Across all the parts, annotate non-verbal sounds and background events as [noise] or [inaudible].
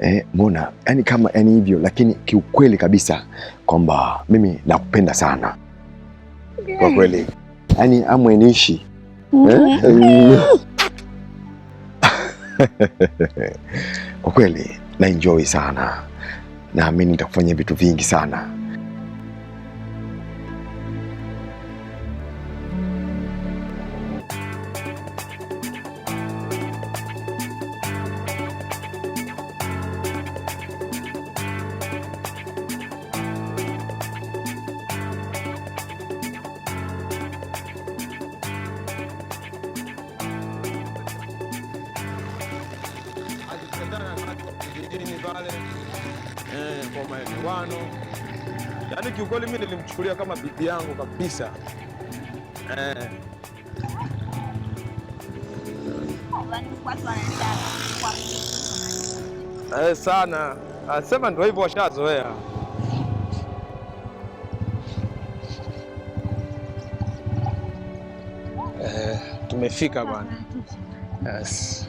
Eh, mbona yani kama yani hivyo, lakini kiukweli kabisa kwamba mimi nakupenda sana kwa kweli, yani amwe niishi eh? [laughs] kwa kweli na enjoy sana, naamini nitakufanyia vitu vingi sana pale eh, kwa maelewano. Yaani kiukweli mimi nilimchukulia kama bibi yangu kabisa eh. Eh, sana asema ndio hivyo, washazoea eh, tumefika bwana. Yes.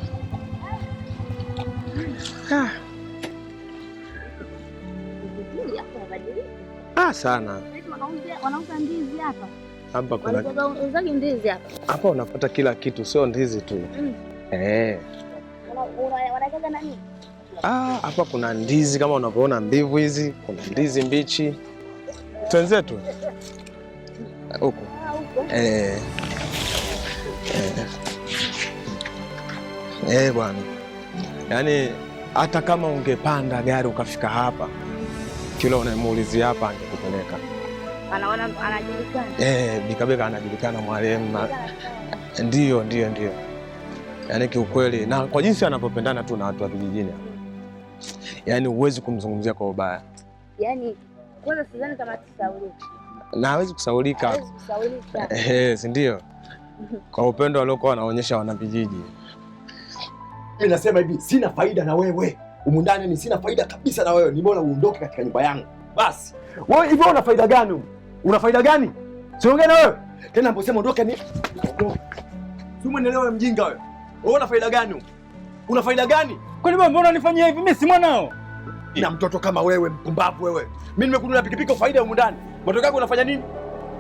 Ah. Ah, sana hapa kuna hapa unapata kila kitu, sio ndizi tu mm. Eh, ah, hapa kuna ndizi kama unavyoona mbivu hizi, kuna ndizi mbichi. Twenzetu huko ah, eh, eh. Eh, bwana, yaani hata kama ungepanda gari ukafika hapa, kila unamuulizia hapa angekupeleka. Anaona anajulikana eh, anajulikana mwalimu na ndio ndio ndio, yaani kiukweli, na kwa jinsi anapopendana tu na watu wa vijijini, yaani huwezi kumzungumzia kwa ubaya, yaani kwanza sidhani kama na hawezi kusaulika eh, si ndio? kwa upendo waliokuwa wanaonyesha wana vijiji inasema hivi, sina faida na wewe humu ndani, ni sina faida kabisa na wewe, ni bora uondoke katika nyumba yangu basi. Wewe hivyo una faida gani? Una faida gani? Siongee na wewe tena, mposema ondoke, ni umeelewa? Mjinga wewe, wewe una faida gani? Una faida gani? Kwani wewe mbona unanifanyia hivi? Mimi si mwanao na mtoto kama wewe, mpumbavu wewe. Mimi nimekununulia pikipiki, faida humu ndani, matokeo yako unafanya nini?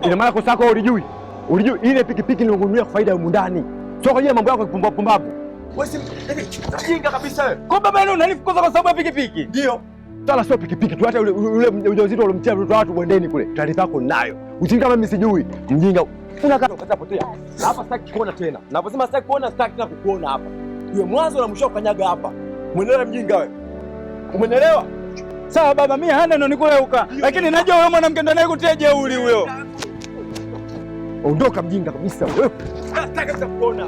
Ina maana kosa lako ulijui, ulijui ile pikipiki nilikununulia kwa faida humu ndani, sio kwa ajili ya mambo yako ya pumbavu pumbavu. Mjinga kabisa wewe. Kwa baba yenu unanifukuza kwa sababu ya pikipiki? Ndio. Sala sio pikipiki tu, hata ule ujauzito ulimtia mtoto watu bondeni kule, taarifa yako nayo. Ujinga mimi sijui. Mjinga unapotea. Hapa sitaki kuona tena. Naposema sitaki kuona, sitaki tena kukuona hapa. Iwe mwanzo na mwisho ukanyaga hapa. Umeelewa mjinga wewe? Umeelewa? Sawa baba, mimi hana ndo nikuleuka. Lakini najua wewe mwanamke ndo anayekutia jeuri huyo. Ondoka mjinga kabisa wewe. Sitaki kukuona.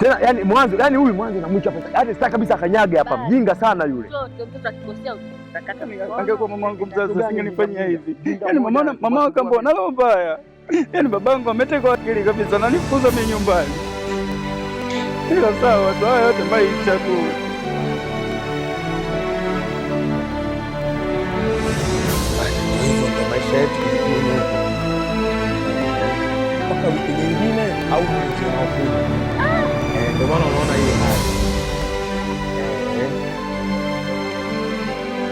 Tena yani mwanzo, yani huyu mwanzo namwicha hapa. Yaani sitaki kabisa akanyaga hapa. Mjinga sana yule. Angekuwa mamangu mzazi asingenifanyia hivi. Yaani mama mama akambo nalo mbaya. Yaani babangu ametekwa akili kabisa na nifukuza mimi nyumbani. Ila sawa, watu haya yote maisha tu. maisha yetu mpaka wiki nyingine au wiki inayokuja maana unaona hii hali. Eh?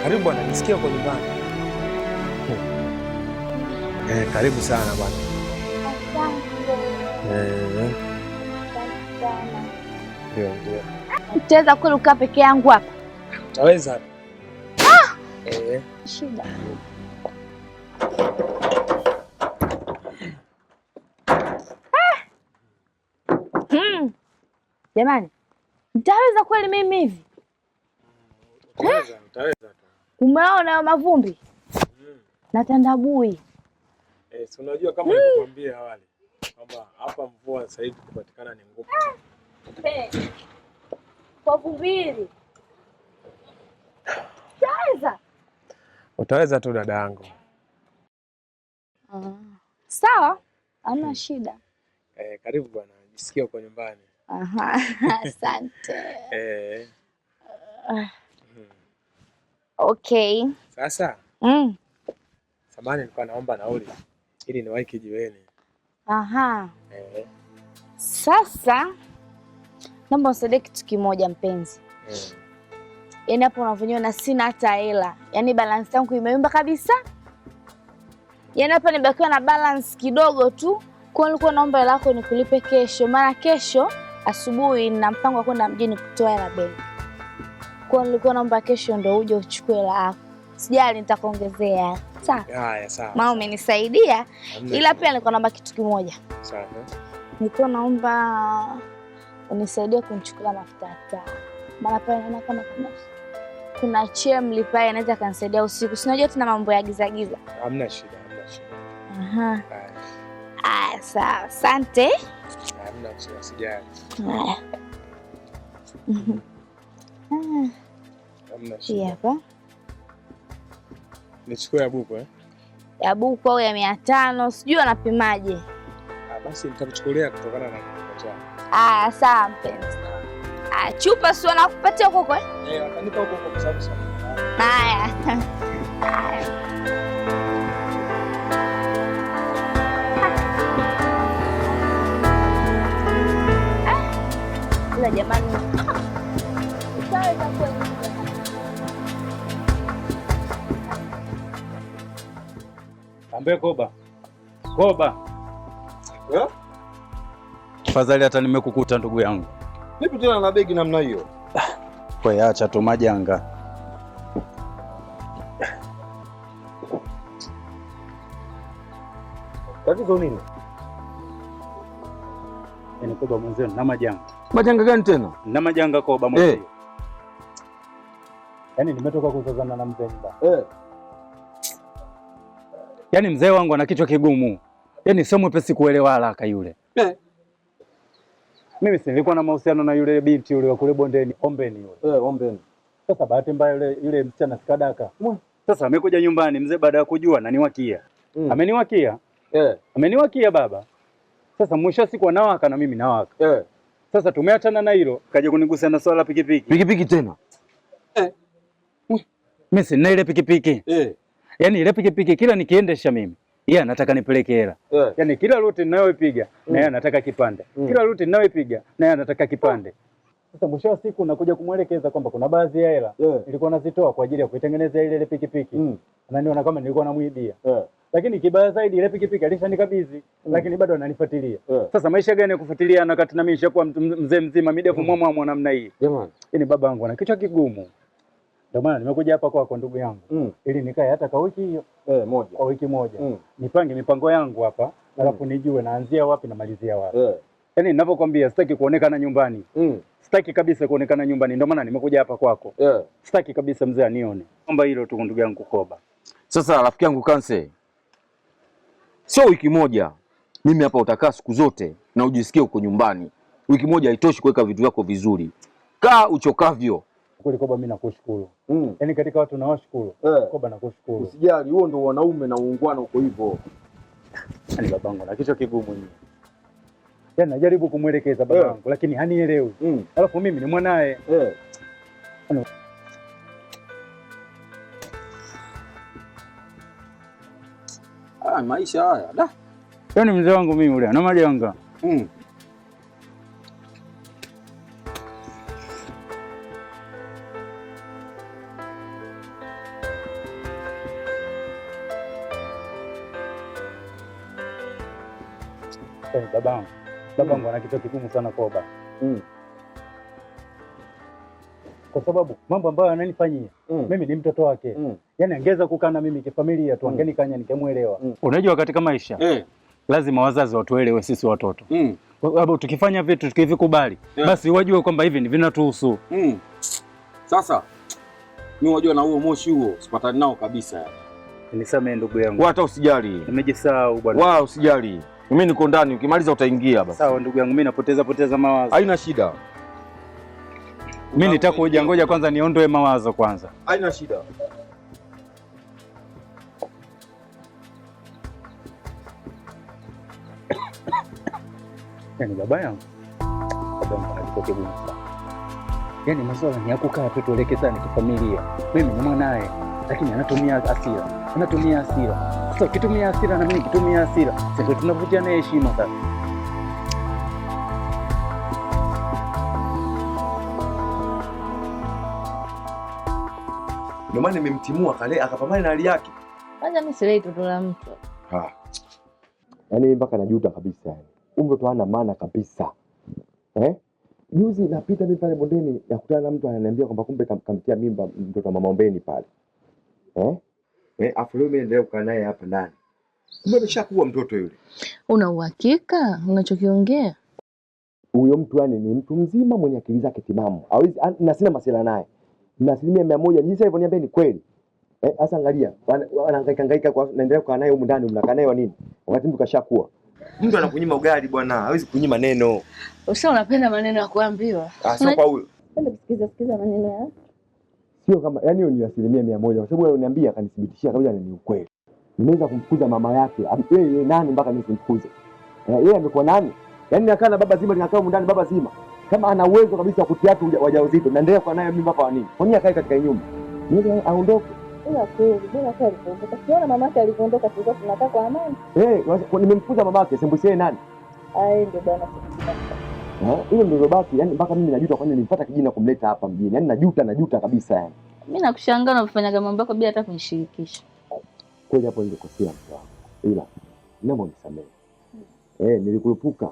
Karibu bwana, nisikia kwa nyumbani. Eh, karibu sana bwana. Ndio, ndio. Utaweza kweli ukaa peke yangu hapa? Utaweza. Ah! Eh. Shida. Jamani, nitaweza kweli mimi hivi? Eh? Umeona mavumbi mm. na tandabui eh, si unajua kama nilikwambia awali kwamba hapa mvua sasa hivi kupatikana ni ngumu eh, Kwa utaweza, utaweza tu dada yangu. Ah, sawa, hamna hmm. shida eh, karibu bwana, jisikia uko nyumbani. Aha, [laughs] asante. Eh. Uh, okay. Sasa mm. Samani nilikuwa naomba nauli ili niwahi kijiweni. Aha. Eh. Sasa naomba usaidie kitu kimoja mpenzi eh. Yaani hapo unavunyiwa na sina hata hela, yaani balansi yangu imeyumba kabisa, yaani hapa nibakiwa na balansi kidogo tu, kwa nilikuwa naomba hela yako nikulipe kesho, maana kesho asubuhi na mpango wa kwenda mjini kutoa hela benki, kwa nilikuwa naomba kesho ndo uje uchukue hela yako. Sijali, nitakuongezea. Sawa. Haya, sawa. Mama umenisaidia, ila pia nilikuwa naomba kitu kimoja. Sawa. Nilikuwa naomba unisaidie kumchukulia mafuta ya taa, maana pale naona kama kuna kuna chem lipa anaweza kanisaidia usiku. Si unajua tuna mambo ya giza giza. Hamna shida, hamna shida. Aha. Ah, sawa. Asante hamna wasiwasi gani, [laughs] hamna shida. Hapa nichukue ya buku eh? ya buku au ya mia tano sijui anapimaje? Ah, basi nitakuchukulia kutokana na Ah, sawa mpenzi. Ah, chupa si wanakupatia huko eh? Eh, watanipa huko kwa sababu sana. Haya. [laughs] nipe koba koba, tafadhali. Hata nimekukuta ndugu yangu, vipi tena na begi namna hiyo? Kwe, ah, acha tu majanga. Tatizo nini? Yaani koba mwenzenu na majanga. Majanga gani tena? Na majanga koba mwenzenu. Eh. Yaani nimetoka kuzozana na mzee. Eh. Yaani mzee wangu ana kichwa kigumu, yaani sio mwepesi kuelewa haraka yule eh. Mimi silikuwa na mahusiano na yule binti yule wa kule bondeni, Ombeni yule eh, Ombeni. Sasa bahati mbaya yule yule msichana sikadaka. Sasa amekuja nyumbani mzee baada ya kujua na niwakia mm. ameniwakia eh. ameniwakia baba. Sasa mwisho siku anawaka na mimi nawaka eh. Sasa tumeachana na hilo, kaja kunigusa na swala pikipiki pikipiki tena eh. mimi sina ile pikipiki eh yani ile pikipiki kila nikiendesha mimi yeye anataka nipeleke hela yeah. Yani kila ruti ninayoipiga mm. na yeye mm. anataka kipande mm. kila ruti ninayoipiga na yeye anataka kipande oh. sasa Mwisho wa siku nakuja kumwelekeza kwamba kuna baadhi ya hela yeah. nilikuwa nazitoa kwa ajili ya kuitengeneza ile ile pikipiki mm. na niona kama nilikuwa namwibia yeah lakini kibaya zaidi ile pikipiki alishanikabidhi mm. lakini bado ananifuatilia yeah. Sasa maisha gani ya kufuatilia na kati na mimi nishakuwa mzee mzima midefu mm. mwamwa namna hii jamani, yeah, ni baba yangu ana kichwa kigumu ndio maana nimekuja hapa kwako ndugu yangu mm. ili nikae hata kwa wiki hiyo eh, moja kwa wiki moja mm. nipange mipango yangu hapa mm. alafu nijue naanzia wapi na malizia wapi eh. Yaani ninapokuambia sitaki kuonekana nyumbani mm. sitaki kabisa kuonekana nyumbani, ndio maana nimekuja hapa kwako eh. sitaki kabisa mzee anione, naomba hilo tu ndugu yangu Koba. Sasa rafiki yangu Kanse, sio wiki moja mimi hapa, utakaa siku zote na ujisikie uko nyumbani. Wiki moja haitoshi kuweka vitu vyako vizuri, kaa uchokavyo kweli Koba, mimi nakushukuru mm. Yaani katika watu nawashukuru yeah. Koba nakushukuru. Usijali, huo ndio wanaume na uungwana uko hivyo. Yaani babangu na kichwa kigumu ni. Yaani najaribu kumwelekeza eh. babangu yeah. Lakini hanielewi mm. Alafu mimi ni mwanae yeah. Ano. Yaani ah, maisha haya da. Yaani mzee wangu mimi ule ana majanga mm. hasa ni babangu. Babangu mm. ana kichwa kigumu sana kwa baba mm. kwa sababu mambo ambayo ananifanyia mm. mimi ni mtoto wake mm. yaani angeweza kukaa na mimi kifamilia tu, mm. angenikanya nikamwelewa. mm. Unajua, katika maisha mm. lazima wazazi watuelewe sisi watoto mm. Kwa tukifanya vitu tukivikubali, yeah. basi wajue kwamba hivi ni vinatuhusu mm. Sasa mimi wajua, na huo moshi huo sipatani nao kabisa. Nisame ndugu yangu, hata usijali, nimejisahau bwana, wala usijali. Mimi niko ndani, ukimaliza utaingia basi. Sawa ndugu yangu, mimi napoteza poteza mawazo. Haina shida. Mimi nitaka ngoja ngoja kwanza niondoe mawazo kwanza. Haina shida. Yaani baba yangu. Yaani masuala ni ya kukaa tu tuelekezane kifamilia. Mimi ni mwanae, lakini anatumia hasira. Anatumia hasira. Sasa ukitumia hasira na mimi nikitumia hasira, sasa ndio na heshima sasa. Ndio maana nimemtimua kale akapambana na hali yake. Kwanza mimi silei tu la mtu. Ah. Yaani mpaka najuta kabisa. Umbe mtoto hana maana kabisa. Eh? Juzi napita mimi pale bondeni nakutana na mtu ananiambia kwamba kumbe kamtia mimba mtoto wa mama mamaombeni pale. Eh? eh, afu leo mimi naendelea kukaa naye hapa ndani. Kumbe ameshakuwa mtoto yule. Una uhakika unachokiongea? Huyo mtu yani ni mtu mzima mwenye akili zake timamu, hawezi na sina masuala naye na asilimia mia moja jinsi alivyoniambia ni kweli. Sasa eh, angalia wanahangaika hangaika kwa naendelea kukaa naye huko ndani, mnakaa naye wa nini wakati mtu kashakuwa mtu anakunyima ugali bwana, hawezi kunyima neno. Usa unapenda maneno ya kuambiwa. Ah, sio kwa huyo. Sikiliza, sikiliza maneno ya sio kama yani, hiyo ni asilimia mia moja, kwa sababu aliniambia akanithibitishia kabisa ni ukweli. Nimeweza kumfukuza mama yake yeye nani mpaka nisimfukuze eh, yeye? Amekuwa nani? Yani nakaa na baba zima, ninakaa mundani baba zima, kama ana uwezo kabisa wa kutiatu wajawazito, naendelea kwa naye mimi mpaka wa nini? Kwa nini akae katika nyumba mimi aondoke? Ila kweli bila kweli, ukiona mama yake alivyoondoka, tulikuwa eh, Nimemfukuza mama yake, sembusie nani? Ai, bwana Eh? hiyo ndio ilobaki. Yani mpaka mimi najuta, kwani nilipata kijana kumleta hapa mjini. Yani najuta, najuta kabisa. Yani mimi nakushangaa unafanyaga mambo yako bila hata kunishirikisha. Kweli hapo nilikosea mtu wangu, ila naomba unisamehe. Eh, nilikuepuka.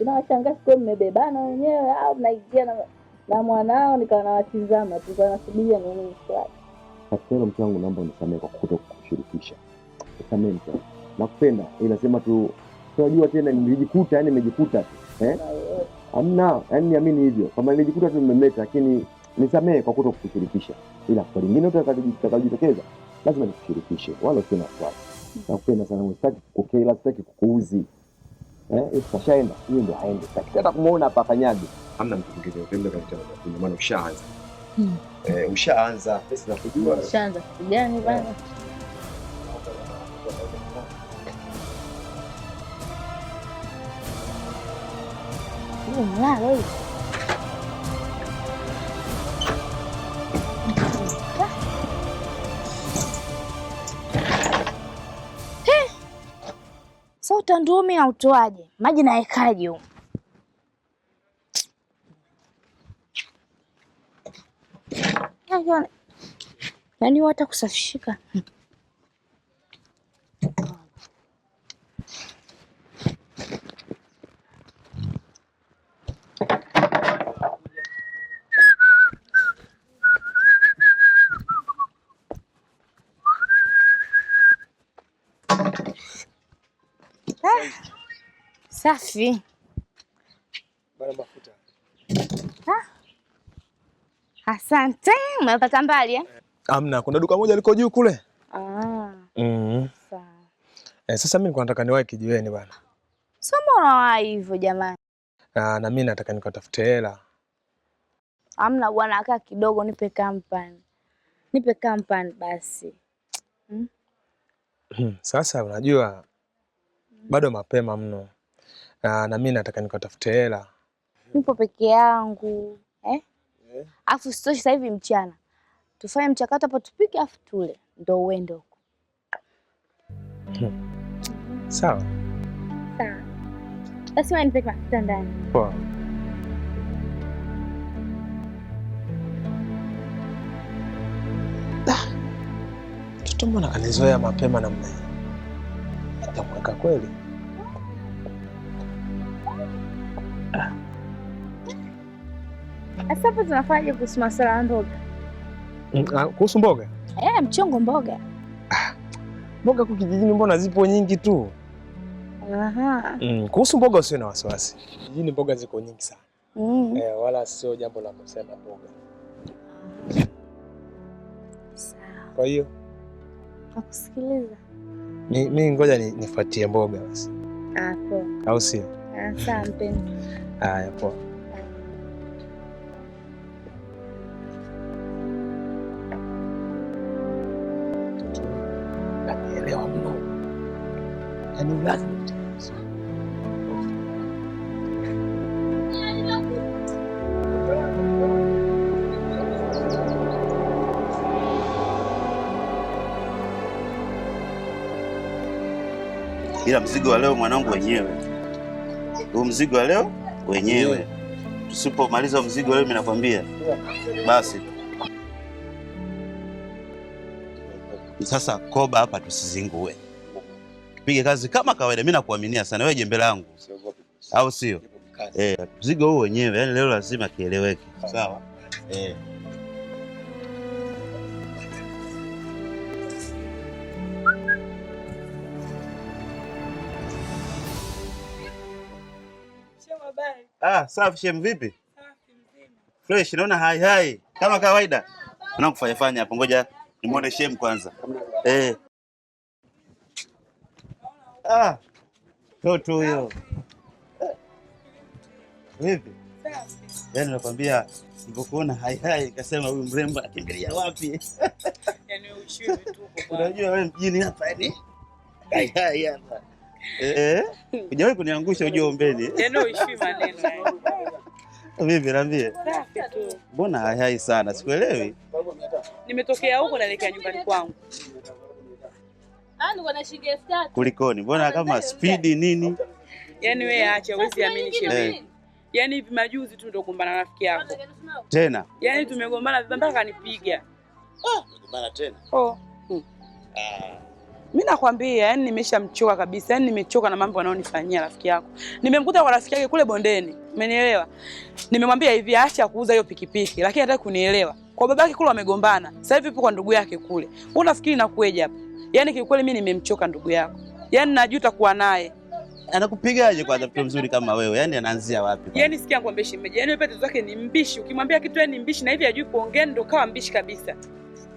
Unawashangaa siku mmebebana wenyewe au mnaingia na na mwanao nikawa nawatizama tu kwa nasubiria nini swali. Sasa mke wangu, naomba unisamehe kwa kutokushirikisha. Nisamehe mke wangu. Nakupenda. Inasema tu tunajua tena nimejikuta, yani nimejikuta tu. Eh? hamna, yani niamini hivyo kwamba nilijikuta tu nimemeta lakini nisamehe kwa kuto kukushirikisha, ila kwa lingine utakajitokeza lazima nikushirikishe, wala usiwe na wasiwasi. Nakupenda sana, sitaki kukukela, sitaki kukuuzi. Eh, eh, kashaenda hiyo ndio haende sitaki hata kumuona hapa akanyaje. Hamna mtu mwingine upendo katika maana ushaanza, hmm. eh ushaanza sasa nakujua ushaanza kijani gani bana eh. ఉన్నాడు Sauta ndumi autoaje? Maji naekaje huko? Yaani wata kusafishika. safi mafuta. ha? Asante, umepata mbali eh? Amna, kuna duka moja liko juu kule. Ah. Mm -hmm. Sawa. Eh, sasa mimi nataka niwahi kijiweni bana. Soma unawahi hivyo jamani. Ah, na mimi nataka nikatafute hela. Amna bwana, akaa kidogo nipe kampani. Nipe kampani basi. Hmm? hmm? Sasa unajua bado mapema mno na, na mimi nataka nikatafute hela. Nipo peke yangu eh? Yeah. Afu sitoshi, sasa hivi mchana tufanye mchakato hapo, tupike afu tule, ndo uende huko hmm. Sawa sawa, basi ndani. Poa. Ah. mbona kanizoea mapema namna hii, atamweka kweli? Sasa hapo kuhusu masuala ya mboga? Mm, ah, kuhusu mboga? Eh, mchongo mboga. Ah, mboga huku kijijini mbona zipo nyingi tu. Aha. Mm, kuhusu mboga usiwe na wasiwasi. Kijijini mboga ziko nyingi sana. Mm. Eh, wala sio jambo la kusema mboga. Sawa. Kwa hiyo nakusikiliza. Mimi ngoja nifuatie mboga basi. Ah, poa. Au sio? Ah, sawa mpenzi. Haya, poa. Yaani ila mzigo wa leo mwanangu, wenyewe huu mzigo wa leo wenyewe Tusipomaliza mzigo leo, mimi nakwambia Basi sasa koba hapa tusizingue, tupige kazi kama kawaida. Mimi nakuaminia sana wewe, jembe langu, au sio? Eh, mzigo huu wenyewe, yani leo lazima kieleweke, sawa eh. Ah, safi shem, vipi? Safi mzima. Fresh, naona hai hai kama kawaida. Naona kufanya fanya hapo, ngoja nimuone shem kwanza. Eh. Ah. Toto huyo. Vipi? Yaani nakwambia nilipokuona hai hai kasema huyu mrembo akimbilia wapi? Yaani uchiwe tu kwa. Unajua wewe mjini hapa yani. Hai hai hapa. Eh? eh? Ujawahi kuniangusha ujombeni. [laughs] Yaani Neno uishi maneno. Mimi niambie. Mbona haihai sana? Sikuelewi. Nimetokea huko naelekea nyumbani kwangu. Yaani Kulikoni? Mbona kama spidi nini? Yaani wewe acha, uwezi amini shemeji. Yaani hivi majuzi tu ndo kugombana na rafiki yako. Tena. Yaani tumegombana mpaka kanipiga. Oh. tena. Oh. Ah. Mimi nakwambia, yani nimeshamchoka kabisa, yani nimechoka na mambo anayonifanyia rafiki yako. Nimemkuta kwa rafiki yake kule bondeni, umenielewa? Nimemwambia hivi, acha kuuza hiyo pikipiki, lakini hataki kunielewa. Kwa babake kule wamegombana, sasa hivi yupo kwa ndugu yake kule. Wewe unafikiri nakuja hapa? Yani kiukweli mimi nimemchoka ndugu yako, yani najuta kuwa naye. Anakupigaje kwa mtu mzuri kama wewe? Yaani anaanzia wapi? Yaani sikia kwamba shemeji, yaani wewe tatizo lake ni mbishi. Ukimwambia kitu ni yaani mbishi na hivi hajui kuongea ndio kawa mbishi kabisa.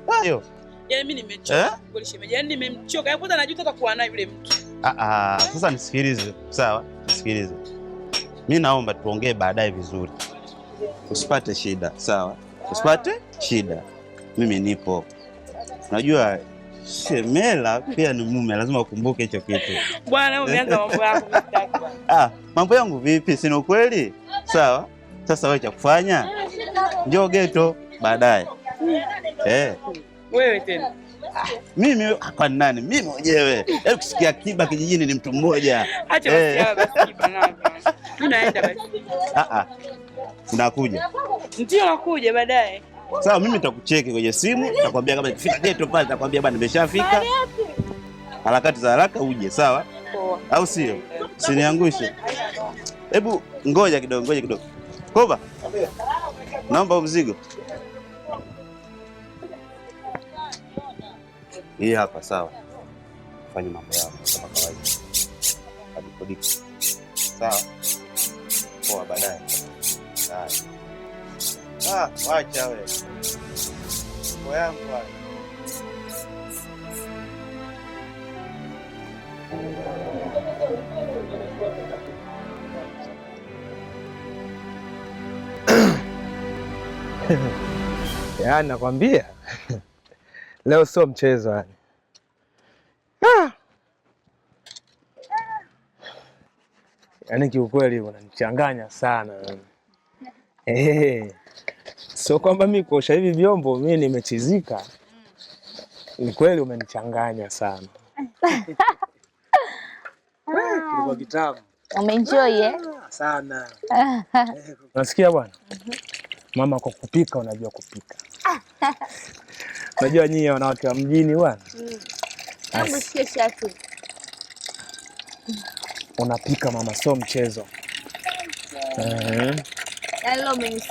Hayo. Yaani mimi nimechoka eh? shemeji. Yaani nimemchoka. Yaani kwanza najuta hata kuwa naye yule mtu. Ah ah, sasa nisikilize. Sawa? Nisikilize. mi naomba tuongee baadaye vizuri. Usipate shida, sawa? Usipate shida. Mimi nipo. najua shemela pia ni mume, lazima ukumbuke hicho kitu. Bwana, umeanza mambo yako. [laughs] Ah, mambo yangu vipi? Sina ukweli? Sawa? Sasa wewe cha kufanya? Njoo geto baadaye. Eh. Wewe tena. Ah, mimi hapa nani? Mimi mwenyewe. Hebu yaani kusikia Kiba kijijini ni mtu mmoja. Acha eh. Basi Kiba nani? Tunaenda basi. Ah ah. Unakuja. Ndio nakuja baadaye. Sawa, mimi nitakucheki kwenye simu, nitakwambia kama nikifika geto pale nitakwambia bwana nimeshafika. Harakati za haraka uje, sawa? Au sio? Usiniangushe. Hebu ngoja kidogo, ngoja kidogo. Koba. Naomba mzigo. Hii hapa sawa, fanya mambo yako kama kawaida, adikodiki sawa. Poa, baadaye. Ah, wacha wewe yangu [coughs] yaani nakwambia Leo sio mchezo yani. Ah. Yaani kiukweli unanichanganya sana hey. Sio kwamba mi kuosha hivi vyombo mi nimechizika, ni kweli umenichanganya sana kilikuwa ah. kitamu. Umeenjoy eh? ah, Sana. Unasikia bwana? Mama, kwa kupika unajua kupika [laughs] Unajua nyinyi wanawake wa mjini bwana. Mm. Unapika mama, sio mchezo. Mm-hmm. Yaani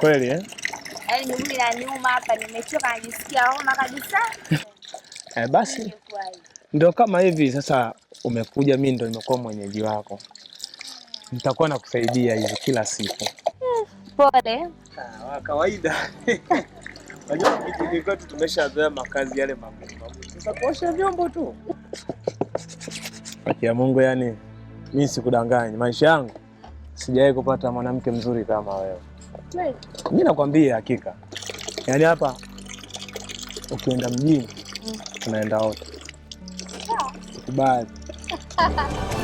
Kweli eh? Yaani [laughs] eh, basi yaani ndio kama hivi sasa, umekuja, mimi ndio nimekuwa mwenyeji wako, nitakuwa nakusaidia hivi kila siku. Pole. Sawa, ah, kawaida [laughs] Najua vijijini kwetu tumeshazoea makazi yale magumu magumu, sasa kuosha vyombo tu. Haki ya Mungu, yani mi sikudanganyi, maisha yangu sijawahi kupata mwanamke mzuri kama wewe. Mi nakwambia hakika, yaani hapa ukienda mjini tunaenda mm. wote, ukubali [laughs]